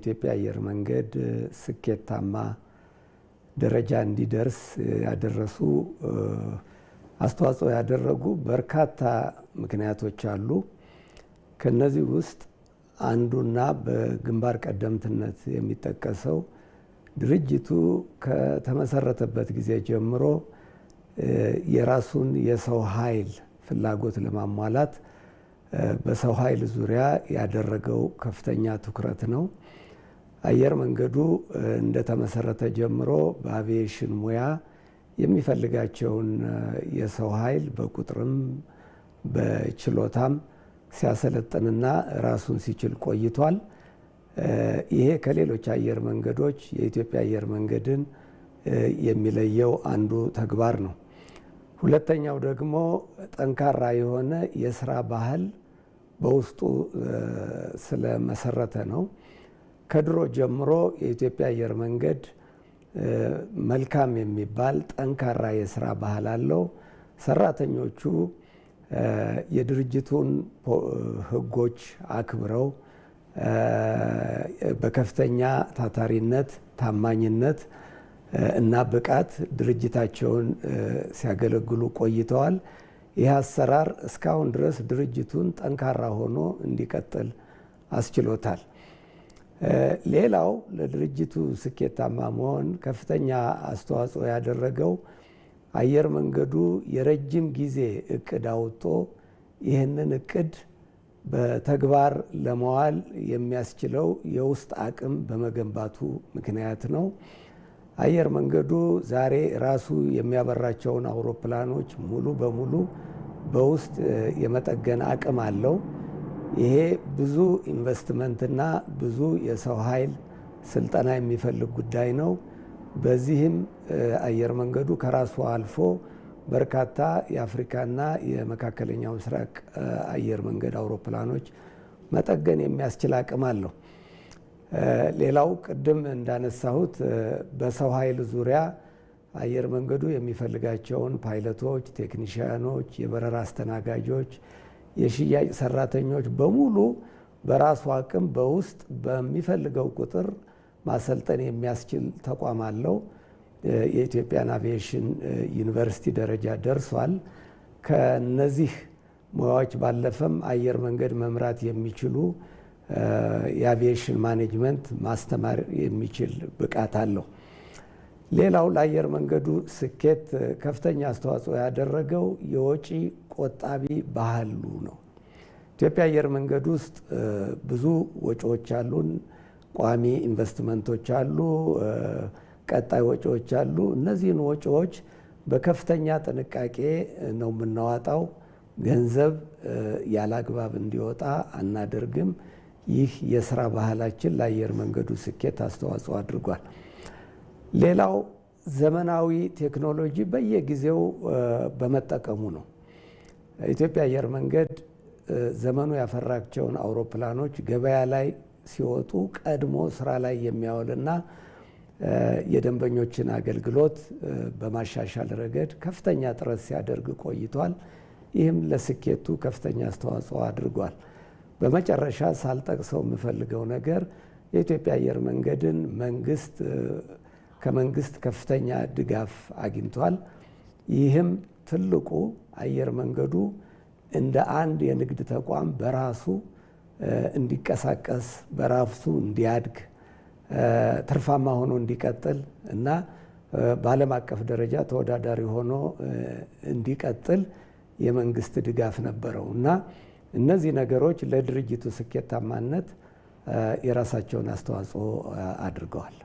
የኢትዮጵያ አየር መንገድ ስኬታማ ደረጃ እንዲደርስ ያደረሱ አስተዋጽኦ ያደረጉ በርካታ ምክንያቶች አሉ። ከነዚህ ውስጥ አንዱና በግንባር ቀደምትነት የሚጠቀሰው ድርጅቱ ከተመሰረተበት ጊዜ ጀምሮ የራሱን የሰው ኃይል ፍላጎት ለማሟላት በሰው ኃይል ዙሪያ ያደረገው ከፍተኛ ትኩረት ነው። አየር መንገዱ እንደተመሰረተ ጀምሮ በአቪዬሽን ሙያ የሚፈልጋቸውን የሰው ኃይል በቁጥርም በችሎታም ሲያሰለጥንና ራሱን ሲችል ቆይቷል። ይሄ ከሌሎች አየር መንገዶች የኢትዮጵያ አየር መንገድን የሚለየው አንዱ ተግባር ነው። ሁለተኛው ደግሞ ጠንካራ የሆነ የስራ ባህል በውስጡ ስለመሰረተ ነው። ከድሮ ጀምሮ የኢትዮጵያ አየር መንገድ መልካም የሚባል ጠንካራ የስራ ባህል አለው። ሰራተኞቹ የድርጅቱን ሕጎች አክብረው በከፍተኛ ታታሪነት፣ ታማኝነት እና ብቃት ድርጅታቸውን ሲያገለግሉ ቆይተዋል። ይህ አሰራር እስካሁን ድረስ ድርጅቱን ጠንካራ ሆኖ እንዲቀጥል አስችሎታል። ሌላው ለድርጅቱ ስኬታማ መሆን ከፍተኛ አስተዋጽኦ ያደረገው አየር መንገዱ የረጅም ጊዜ እቅድ አውጥቶ ይህንን እቅድ በተግባር ለመዋል የሚያስችለው የውስጥ አቅም በመገንባቱ ምክንያት ነው። አየር መንገዱ ዛሬ ራሱ የሚያበራቸውን አውሮፕላኖች ሙሉ በሙሉ በውስጥ የመጠገን አቅም አለው። ይሄ ብዙ ኢንቨስትመንትና ብዙ የሰው ኃይል ስልጠና የሚፈልግ ጉዳይ ነው። በዚህም አየር መንገዱ ከራሱ አልፎ በርካታ የአፍሪካና የመካከለኛው ምስራቅ አየር መንገድ አውሮፕላኖች መጠገን የሚያስችል አቅም አለው። ሌላው ቅድም እንዳነሳሁት በሰው ኃይል ዙሪያ አየር መንገዱ የሚፈልጋቸውን ፓይለቶች፣ ቴክኒሽያኖች፣ የበረራ አስተናጋጆች የሽያጭ ሰራተኞች በሙሉ በራሱ አቅም በውስጥ በሚፈልገው ቁጥር ማሰልጠን የሚያስችል ተቋም አለው። የኢትዮጵያን አቪዬሽን ዩኒቨርሲቲ ደረጃ ደርሷል። ከነዚህ ሙያዎች ባለፈም አየር መንገድ መምራት የሚችሉ የአቪዬሽን ማኔጅመንት ማስተማር የሚችል ብቃት አለው። ሌላው ለአየር መንገዱ ስኬት ከፍተኛ አስተዋጽኦ ያደረገው የወጪ ቆጣቢ ባህሉ ነው። ኢትዮጵያ አየር መንገድ ውስጥ ብዙ ወጪዎች አሉን። ቋሚ ኢንቨስትመንቶች አሉ፣ ቀጣይ ወጪዎች አሉ። እነዚህን ወጪዎች በከፍተኛ ጥንቃቄ ነው የምናዋጣው። ገንዘብ ያላግባብ እንዲወጣ አናደርግም። ይህ የስራ ባህላችን ለአየር መንገዱ ስኬት አስተዋጽኦ አድርጓል። ሌላው ዘመናዊ ቴክኖሎጂ በየጊዜው በመጠቀሙ ነው። ኢትዮጵያ አየር መንገድ ዘመኑ ያፈራቸውን አውሮፕላኖች ገበያ ላይ ሲወጡ ቀድሞ ስራ ላይ የሚያውልና የደንበኞችን አገልግሎት በማሻሻል ረገድ ከፍተኛ ጥረት ሲያደርግ ቆይቷል። ይህም ለስኬቱ ከፍተኛ አስተዋጽኦ አድርጓል። በመጨረሻ ሳልጠቅሰው የምፈልገው ነገር የኢትዮጵያ አየር መንገድን መንግስት ከመንግስት ከፍተኛ ድጋፍ አግኝቷል። ይህም ትልቁ አየር መንገዱ እንደ አንድ የንግድ ተቋም በራሱ እንዲቀሳቀስ በራሱ እንዲያድግ ትርፋማ ሆኖ እንዲቀጥል እና በዓለም አቀፍ ደረጃ ተወዳዳሪ ሆኖ እንዲቀጥል የመንግስት ድጋፍ ነበረው እና እነዚህ ነገሮች ለድርጅቱ ስኬታማነት የራሳቸውን አስተዋጽኦ አድርገዋል።